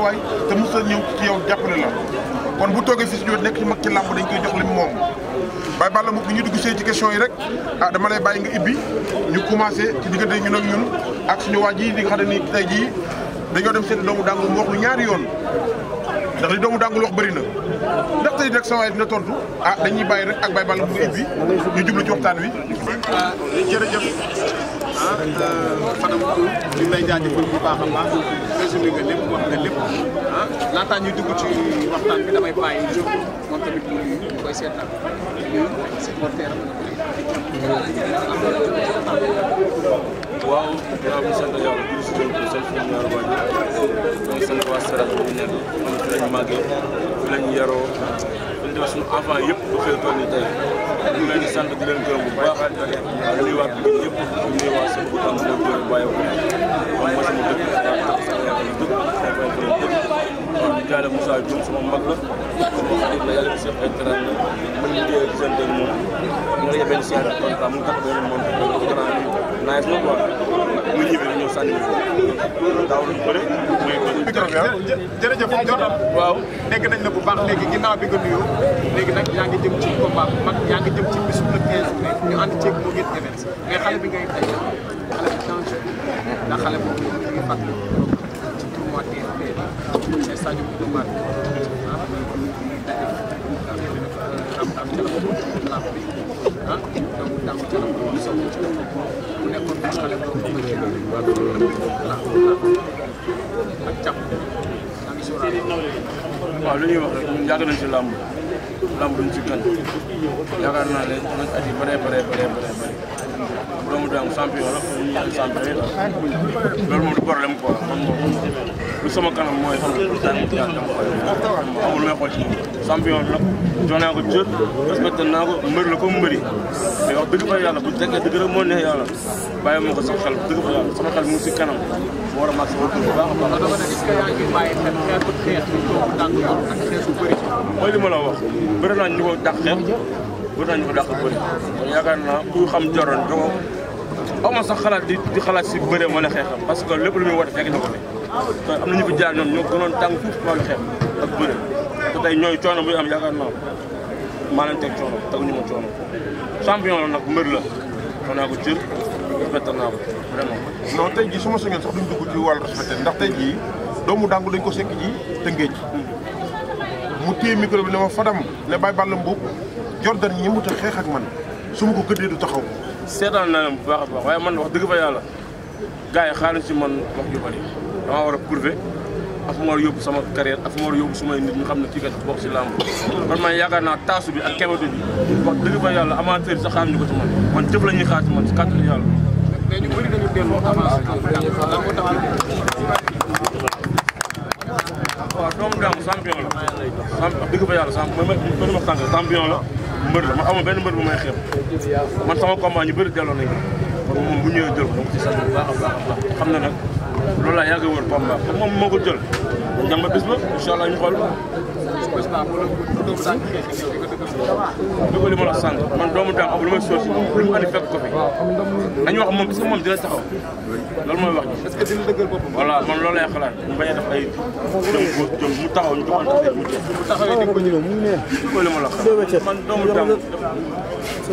géejawaay te mos a ñëw ci yow jàppale la kon bu toogee fi si nekk ci mag ci làmb dañ koy jox lim moom Baye Balla bu bi ñu dugg see ci question yi rek ah dama lay bàyyi nga ibbi ñu commencé ci diggante ñun ak ñun ak suñu waa ji di nga xam ne ni tey jii dañoo dem seen doomu dàngu mu wax lu ñaari yoon ndax li doomu dàngul wax bëri na ndax tey rek sama dina tontu ah dañuy bàyyi rek ak Baye Balla mu ibbi ñu jublu ci waxtaan wi. Ah, ah euh, Fadam Kour ñu ngi lay jaajëfal bu baax a baax résumé nga lépp wax nga lépp ah laataa ñuy dugg ci waxtaan bi damay bàyyi jóg moom tamit mu ngi koy seetaan ñun supporter waaw ginnaaw bi sant yàlla di si jëm sant suñu ñaar waa ji di sant waa Sénégal bi nekk fi lañ màggee fi lañ yaroo fi lañ def suñu enfant yëpp bu xëy tool yi tey ñu leen di sant di leen gërëm bu baax di nuyuwaat bi ñëpp di nuyuwaat sama boppam sama góor bàyyi ko man ma sama dëkk waaw dëkk sama yaay ma dëkk sama baay ma dëkk waaw di jaale Moussa Dioum sama mag la sama xarit la yàlla seq ay terrain la man liggéey ak seen moom mu ngi yebeen si yàlla kontaan mu ngi tax benn moom nice na quoi mu ñibbi ñu ñëw sànni daaw lu bëre mooy micro bi jërëjëf Jordan waaw dégg nañ la bu baax léegi ginnaaw bi nga nuyoo léegi nag yaa ngi jëm ci combat mag yaa ngi jëm ci bisu le 15 mai ñu ànd ceeg moo gën events mais xale bi ngay tey xale bi changé ndax xale boobu ñu ngi fàttali ci tournoi TFP ci stade bu Dombar waaw li ñuy wax rek ñun yàgg nañ ci làmb làmb duñ ci gan yaakaar naa ne nañ at yi bare bare bare bare bare doomu daam champion la pour ñu ñaan champion la loolu moom du problème quoi man moom lu sama kanam mooy xam nga pour daan mu jaar dama koy damay xool ci jox naa ko jot respecté naa ko mbër la comme mbëri mais wax dëgg fa yàlla bu fekkee dëgg moo neex yàlla bàyyi ma ko sax xel dëgg fa yàlla sama xel mu si kanam war a màgg sama tur bu baax a baax. mooy li ma la wax bëri naa ñu ko dàq xeex bëri naa ñu ko dàq bëri yaakaar naa bu xam joroon jogo aw ma sax xalaat di di xalaat si bëre wala xeexam parce que lépp lu muy war a fekk na ko fi am na ñu jaar ñoom ñoo gënoon tàng fuuf wàllu xeex te tey ñooy coono buy am yaakaar naa maa leen teg coono ñu ma coono champion la nag mbër la xam naa ko cër respecté naa ko vraiment. non tey jii su ma sañoon sax duñ dugg ci wàllu respecté ndax tey jii doomu dàngu dañ ko sekk ji tëngeej mu téye micro bi ne ma Fadam ne Baye Balla Mboup Jordan ñëmut a xeex ak man su ma ko gëddee du taxaw. seetaan naa leen bu baax a waaye man wax dëgg fa yàlla gars yi xaaruñ si man wax ju bëri damaa war a prouver ak a yóbbu sama carrière ak fu ma war a yóbbu sumay nit ñu xam ne kii kat bokk si làmb kon man yaakaar naa taasu bi ak kebatu bi wax dëgg fa yàlla amateur yi sa xaar ñu ko ci man man jëf la ñuy xaar ci man si kàttanu yàlla mais ñu bëri dañu dellu avance waaw doomu Dame yàlla champion man ma la mbër la man amul benn mbër bu may xeeb man sama combat ñu bëri delloo nañu ko kon moom bu ñëwee jël ko dama ci sant baax a baax xam na nag loolu laa yàgg a wër Pamba comme moom moo ko jël jàmm bis ba incha allah ñu xool. dëgg li ma la sant man doomu daam ak lu may soosi lu mu andi fekk ko fi nañu wax moom est-ce que moom dina taxaw loolu mooy wax ji. est-ce que dina dëggal boppam. voilà man loolu lay xalaat ñu bañ a def ay jëm góor jëm mu taxaw ñu joxoon tax mu jeex. bu taxawee di ko ñëw mu ngi neex. dëgg li ma la xam man doomu daam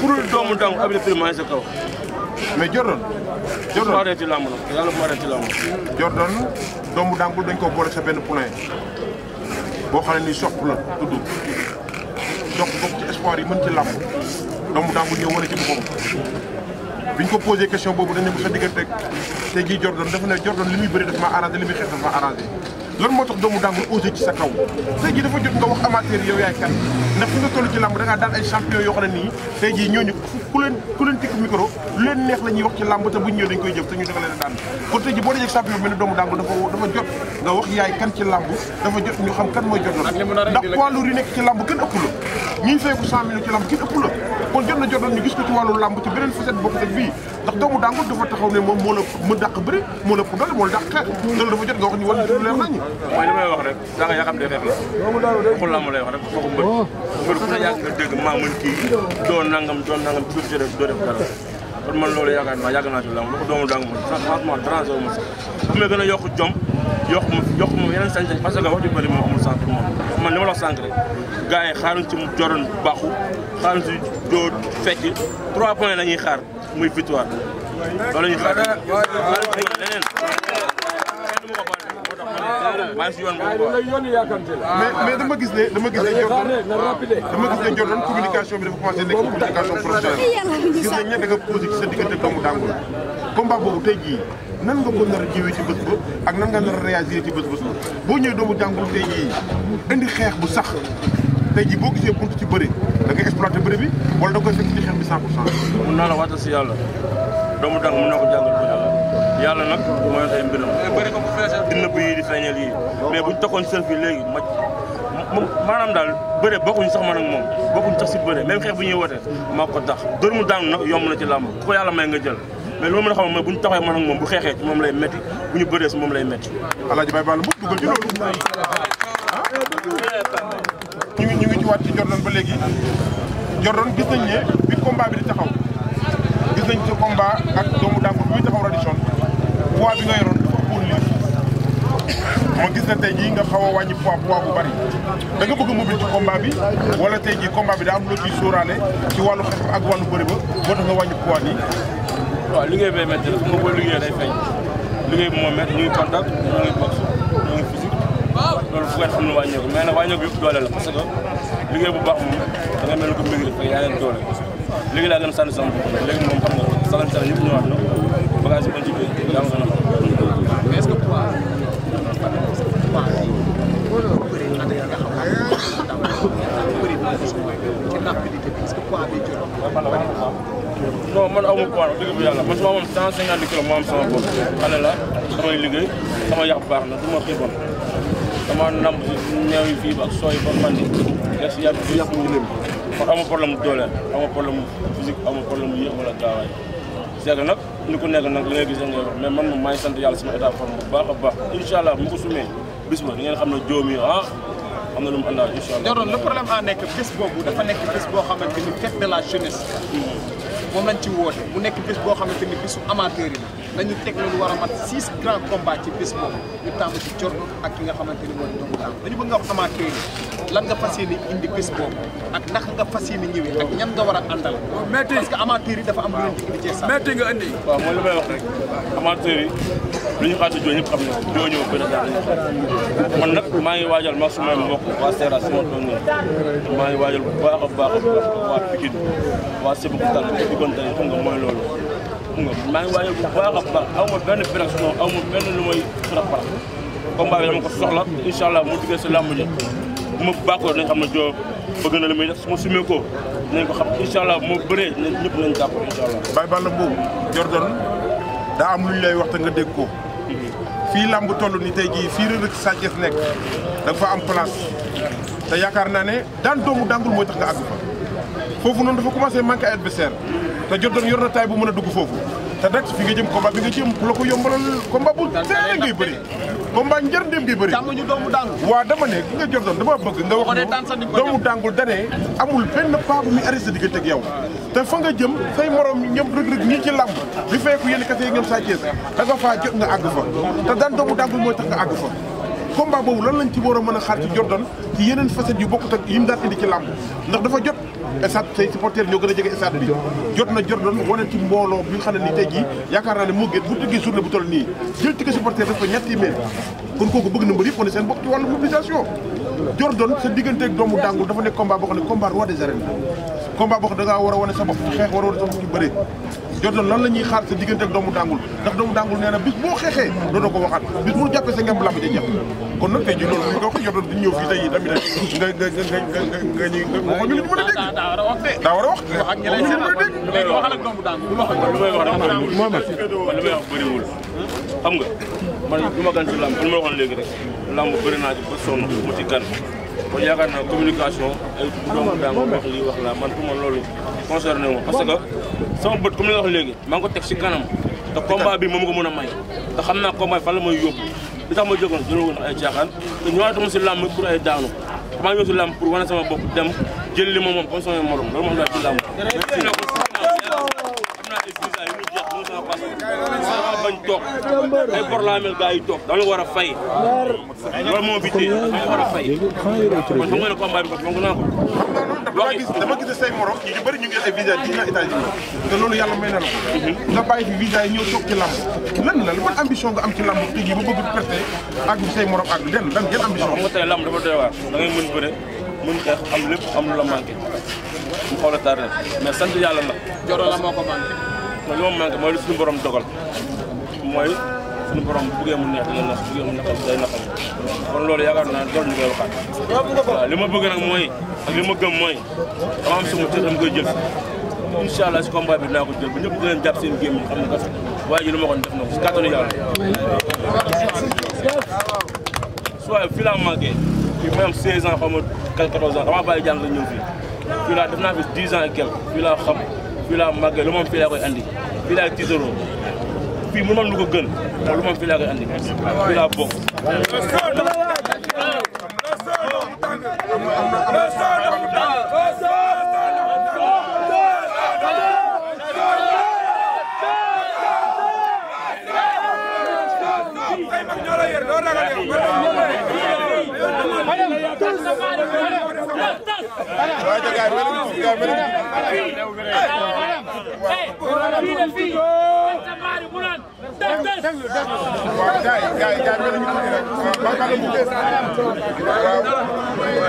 pour doomu daam ab sa kaw mais jot Jordan bu ma ci lamb nag yàlla bu ma ci lamb. doomu dàngul dañ ko boole sa benn poulain boo xam ne nii soq la tudd soq bokk ci espoir yi mën ci lamb doomu dàngul ñëw wane ci bi biñ ko posé question boobu dañ ne bu sa diggante tey jii Jordan dafa ne Jordan li muy bëri daf ma li muy xeex daf ma loolu moo tax doomu daangu osé ci sa kaw tey dafa jot nga wax amateur yow yaay kan ndax fi nga toll ci làmb da ngaa ay champion yoo xam ne nii tey jii ñooñu ku leen ku leen tikk micro lu leen neex la ñuy wax ci làmb te bu ñu ñëw koy jëf te ñu danga leen daan kon tey jii boo dajee champion mel ne doomu daangu dafa jot nga wax yaay kan ci làmb dafa jot ñu xam kan mooy jot la ndax poids lourd nekk ci làmb kenn ëpp la ñuy fay ko ci làmb kon jot na jotoon ñu gis ko ci wàllu làmb ci beneen bokk ak bii ndax doomu Dangote dafa taxaw ne la mu dàq bëri moo la ëpp doole moo la dàq xeex loolu dafa jot nga wax ñu war ñu leer nañu mooy li wax rek da nga yaa xam la xul làmb lay wax rek foofu mbër mbër ku ne yàgg nga dégg maa mën kii doo nangam doo nangam dugg ci doo def dara kon loolu yaakaar naa yàgg naa ci làmb lu ko doomu Dangote sax franchement transfert ma sax bu may gën a yokk jom yokk ma yokk ma yeneen sañ-sañ parce que wax ju bëri moom amul sens pour moom man li ma la wax sànq rek gars yi xaaruñ ci mu joroon baaxu xaaruñ ci doo fekk trois points la ñuy xaar muy victoire loolu la ñuy xaar leneen maa ngi si yoon boobu mais mais dama gis ne dama gis ne Jordan dama gis ne Jordan communication bi dafa commencé nekk communication professionnelle gis ne ñebe nga posé ci sa diggante doomu dàngul combat boobu tey jii nan nga ko nar a jiwee ci bés ba ak nan nga nar a réagir ci bés bés ba boo ñëwee doomu jàngul tey jii indi xeex bu sax tey jii boo gisee buntu ci bëri da ngay exploité bëri bi wala da koy fekk ci xeex bi 100 pour mun naa la waxtaan si yàlla doomu dang mun naa ko jàngal ko yàlla yàlla nag mooy ay mbiram. Eh, bëri ko bu feesee dina bëri yi mais buñ tokkoon self bi léegi maj maanaam daal bëre bokkuñ sax man ak moom bokkuñ sax si bëre même xeex bu ñuy woote maa ko tax dër mu daanu nag yomb ci làmb yàlla may nga jël mais loolu mën a xamal mooy bu ñu taxawee man ak moom bu xeexee ci moom lay metti bu ñu bëree si moom lay metti alaaji Baye Balla Mboup dugal ci loolu ñu waat ci Jordan ba léegi Jordan gis nañ ne bi combat bi di taxaw gis nañ ci combat ak doomu moo gis na tey jii nga xaw a wàññi poids poids bu bari da nga bëgg a mobile ci combat bi wala tey jii combat bi daa am lu ciy ci wàllu xeex ak wàllu bëri ba moo tax nga wàññi poids nii waaw liggéey bay métti la moo booy liggéey day feeñ liggéey bi moo métti ñu ngi contact ñu ngi boxe ñu ngi physique loolu fu ngeen xam ne wàññeeku mais nag wàññeeku yëpp doole la parce que liggéey bu baax moom da nga mel ni ko mbir rek yaa leen doole léegi laa gën a sànni sama bopp léegi moom xam nga salan salan yëpp ñëwaat na bagage yi ma jibee yaa ma gën a xam man aw ma poids wax dëgg bu yàlla man su ma amoon 150 kilos ma am sama bopp xale la damay liggéey sama yàq baax na du ma xiiboon dama namb si néew yi fii ak sooy ba man di lekk si yàpp bi yàpp mu ma problème mu doole ma problème mu physique aw ma problème mu yéex wala gaawaay c'est que nag ku nekk nag li ngay gis da ngay wax man moom maa sant yàlla sama état forme bu baax a baax incha allah mu ko sumee bis ba ngeen xam ne joom yi ah am na lu mu allah. le problème a nekk nekk bés boo moom lañ ci woote mu nekk bés boo xamante ni bésu amateur yi la nañu teg lu war a mat six grands combats ci bis boobu ñu tàmb ci cor ak ki nga xamante ni mooy doomu daal dañu bëgg nga wax amaatee lan nga fas yéene indi bis boobu ak naka nga fas yéene ñëwee ak ñan nga war a àndal. métti parce que yi dafa am lu leen di indi sax. métti nga indi. waaw mooy li may wax rek amateur yi lu ñu xaatu jooju ñëpp xam na ñoo ñëw benn daal man nag maa ngi waajal ma sumay mbokk waa Seras sama doon maa ngi waajal bu baax a baax a baax waa Pikine waa Sébikotane diggante xam nga mooy loolu nga maa ngi waajal bu baax a baax aw ma benn pression aw ma benn lu may sarax parax combat bi dama ko soxla incha allah mu duggee si làmb ji bu ma bàkkoo dañ xam ne joo bëgg na moo bëree ne ñëpp nañ jàpp incha allah. daa am lu lay wax te nga dégg ko fii làmb toll ni tey jii fii rëdd Sa Thiès nekk da am place te yaakaar naa ne daan doomu dàngul mooy tax nga àgg fa foofu noonu dafa commencé manqué adversaire te Jordan yor na taay bu mën a dugg foofu te nag fi nga jëm combat bi nga jëm ku la ko yombalal combat bu teel ngay bëri combat njër ndém bi bëri dama ne ki nga Jordan dama bëgg nga wax doomu dàngul danee amul benn pas bu muy arrêté diggante ak yow te fa nga jëm say morom ñëpp rëg-rëg ñii ci làmb li feeku yéen kase yi ngeen saa Cees da nga faa jot nga àgg fa te daan doomu dàngul mooy tax nga àgg fa combat boobu lan lañ a mën a xaar ci Jordan ci yeneen facette yu bokkut ak yi mu daan ndax dafa jot stade say supporters ñoo gën a jege stade bi jot na jot doon wane ci mbooloo bi nga xam ne nii tey moo gën bu tëggee journée bu toll nii jël ticket supporter def ko ñetti téeméer kon kooku bëgg na mbër yëpp wane seen bopp ci wàllu mobilisation Jordan sa digganteeg doomu dàngul dafa nekk combat boo ne combat roi des arènes combat boo war a wane sa xeex war a wane sa bopp ci bëre yow loolu la ñuy xaar sa diggante ak doomu dàngul ndax doomu dàngul nee bis boo xeexee dootoo ko waxaat bis bu jàppee sa ngem lamb ja jeex kon nag tey jii loolu ñu ko ko yotoon di ñëw fii tey tamit nga nga a a wax de daa a wax wax ma wax lu may wax rek moo ma man li may wax bëriwul nga du ma gan ci lamb lu léegi rek lamb bëri naa ci ba sonn mu ci gan kon yaakaar naa communication ay doomu daango wax lii wax laa man pour man loolu concerné wu parce que sama bët comme li nga wax léegi maa ngi ko teg si kanam te combat bi moom ko mën a may te xam naa combat fan la may yóbbu li tax ma jógoon jëloon woon ay caaxaan te ñëwaatuma si làmb pour ay daanu maa ñëw si làmb pour wane sama bopp dem jël li ma moom comme sama morom loolu moom daal ci làmb naa parce que bañ toog ay bor laa mel gars yi toog da nga war a fay. loolu moo fi a bi ko fonk naa ko. dama gis dama gis say morom ñu bëri ñu ngi ay visa dix ans États-Unis te loolu yàlla may na la ko nga bàyyi fi visa yi ñëw toog ci lan la ban ambition nga am ci lamb tey jii ba bëgg perte ak say morom ak lenn lan ngeen ambition nga tey lamb dafa doy waar da ngay mën bëre mën xeex am lépp am lu la manqué mu xaw la tardé mais sant yàlla la joro la moo ko manqué man li ma manqué mooy lu suñu borom dogal mooy suñu borom buggee mu neex dina nax buggee mu naqal day naqal kon loolu yaakaar naa dool ñu waxaat li ma bëgg nag mooy ak li ma gëm mooy dama am sama cër dama koy jël incha allah si combat bi dinaa ko jël ba ñëpp di leen jàpp seen géem yi xam ne gas waaye ji lu ma ko def na si kàttanu yàlla soit fii laa manqué fii may am 16 ans xaw ma 14 ans dama bàyyi jàng la ñëw fii fii laa def fi 10 ans et quelques fii laa màggee lu moom fii laa koy andi fii laa tiitaroo fii mu moom lu gën lu moom fii laa koy andi fii laa bokk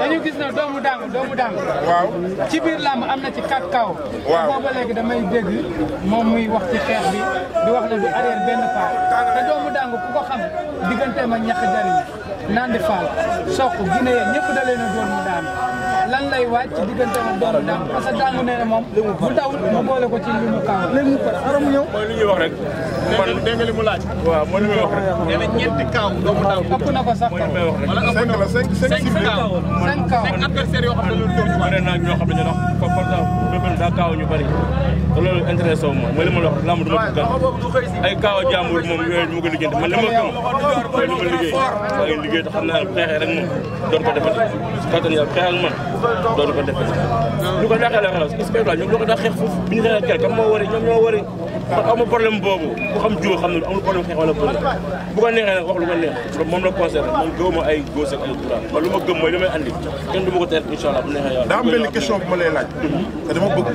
dañu gis na doomu daangu doomu daangu. ci biir làmb am na ci quatre kaw. waaw booba léegi damay dégg moom muy wax ci xeex bi di wax ne du arrière benn pas te doomu daangu ku ko xam digganteem ak ñax jariñ naan di faal soq Guinée ñëpp da leen a daanu. lan lay waaj ci diggante ak doomu daam parce que daamu moom bu dawul mu boole ko ci li mu kaw léegi mu pare aram ñëw mooy li ñuy wax rek man dégg nga li mu laaj waaw mooy li muy wax rek nee na ñetti kaw doomu daam ëpp na ko sax kaw wala ëpp na ko cinq cinq kaw cinq adversaires yoo xam daa kaaw ñu bari te loolu intéressant moom mooy li ma la wax lamb du ma dugg ay kaaw a jàmbur moom yooyu ñu ko liggéeyante man li ma gëm mooy li ma liggéey maa ngi liggéey te xam naa xeexee rek moom doon ko defati su kattan yàlla xeex ak la xalaat est-ce que ñu ko dàqee xeex foofu xeexee kenn moo wari ñoom ñoo wari man amul problème boobu ku xam jiw xam na amul problème xeex wala bëri bu ko neexee nag wax lu ma neex moom la concerné man gëwuma ay góos ak ay du ma ko teer bu ma lay laaj te dama bëgg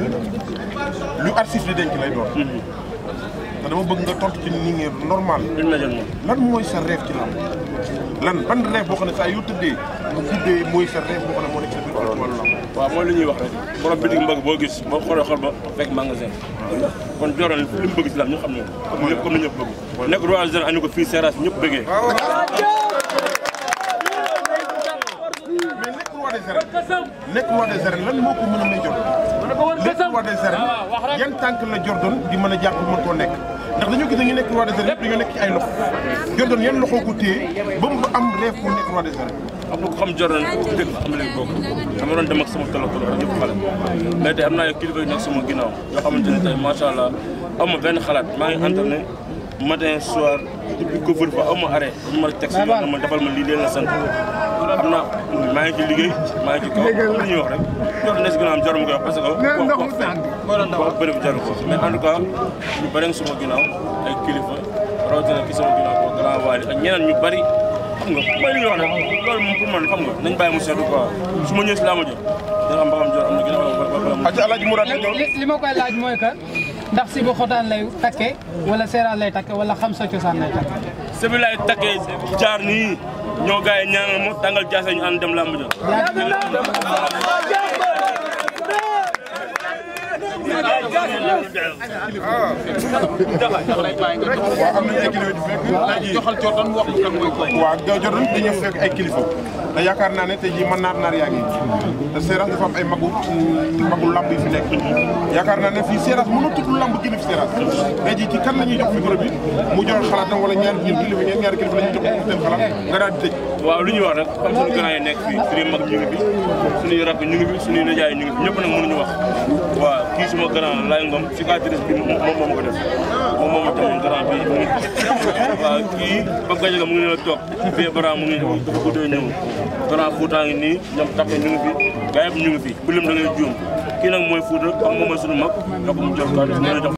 lu artiste di denc lay doon mhm. te dama bëgg nga tontu ci ni ngeen normal lan mooy sa rêve ci lamb lan ban boo xam ne saa yu tëddee bu tuddee mooy ferre boo nekk ñuy wax rek borom bitig boo gis boo xoolee xool ba fekk kon Jordan li mu bëgg si xam ne ñëpp comme ni ñëpp bëgg roi des arènes ko fii Seras ñëpp bëggee nekk roi des arènes moo ko mën a may Jordan nekk roi de arènes ah, yan tànk la Jordan di mën a jàpp mën koo nekk ndax dañoo gis ne ñu nekk roi des arènes nekk ci ay loxo Jordan yan loxo ko téye ba mu am rêve nekk roi des arènes am na ko xam Jordan dëgg am leen bokk dama doon dem ak sama tolotolo ak ñëpp xale mais tey am naa kilifa yu nekk sama ginnaaw yoo xamante ne tey macha allah am ma benn xalaat maa ngi entraîné matin soir depuis couvre-feu ba am ma arrêt dañu ma teg si yoon ma defal ma lii leen la sant am na maa ngi ci liggéey maa ngi ci kaw li ñuy wax rek ñoo xam ne si ginnaaw am jar ma koy wax parce que wax bëri bu jaru ko mais en tout cas ñu bëri suma ginnaaw ay kilifa rawatina ki sama ginnaaw ko grand waali ak ñeneen ñu bëri xam nga mooy li nga wax ne loolu moom pour man xam nga nañ bàyyi mu seetlu quoi su ma ñëwee si laa ma jël dina am ba xam jor am na gën a wala alaaji Mourad li ma koy laaj mooy que ndax si bu xotaan lay takke wala seeraan lay takke wala xam sa cosaan lay takke si bi lay takke jaar nii ñoo gars yi ñaanal ma tàngal jaase ñu ànd dem laa ma jël waaw am nañu ay kilifa yu fekk. joxal Jordan wax kan mooy kooku. waaw Jordan dañu fekk ay kilifa. na yaakaar naa ne tey jii mën naa naar yaa ngi te Seras dafa am ay magu magu lamb yi fi nekk yaakaar naa ne fii Seras mën a tudd lamb kilif Seras tey jii ci kan la ñuy jox micro bi mu joxe xalaatam wala ñaari ñun kilifa ñaar ñaari kilifa la ñuy jox seen xalaat lu ñuy wax rek comme suñu yi nekk fii suñuy mag ñu ngi fi suñuy rakk ñu ngi fi suñuy nijaay ñu ngi fi ñëpp nag mënuñu wax waaw kii suma grand laay ngom cicatrice bi moom moom ko def moom moom tamit grand bi waaw kii ba gajaga mu ngi ne la toog fee bara mu Donna Fouta ngi nii ñoom Kafe ñu ngi fi gars yëpp ñu ngi fi bu lim da kii nag mooy Fouta comme moom mooy sunu mag nga ko mu jox kàddu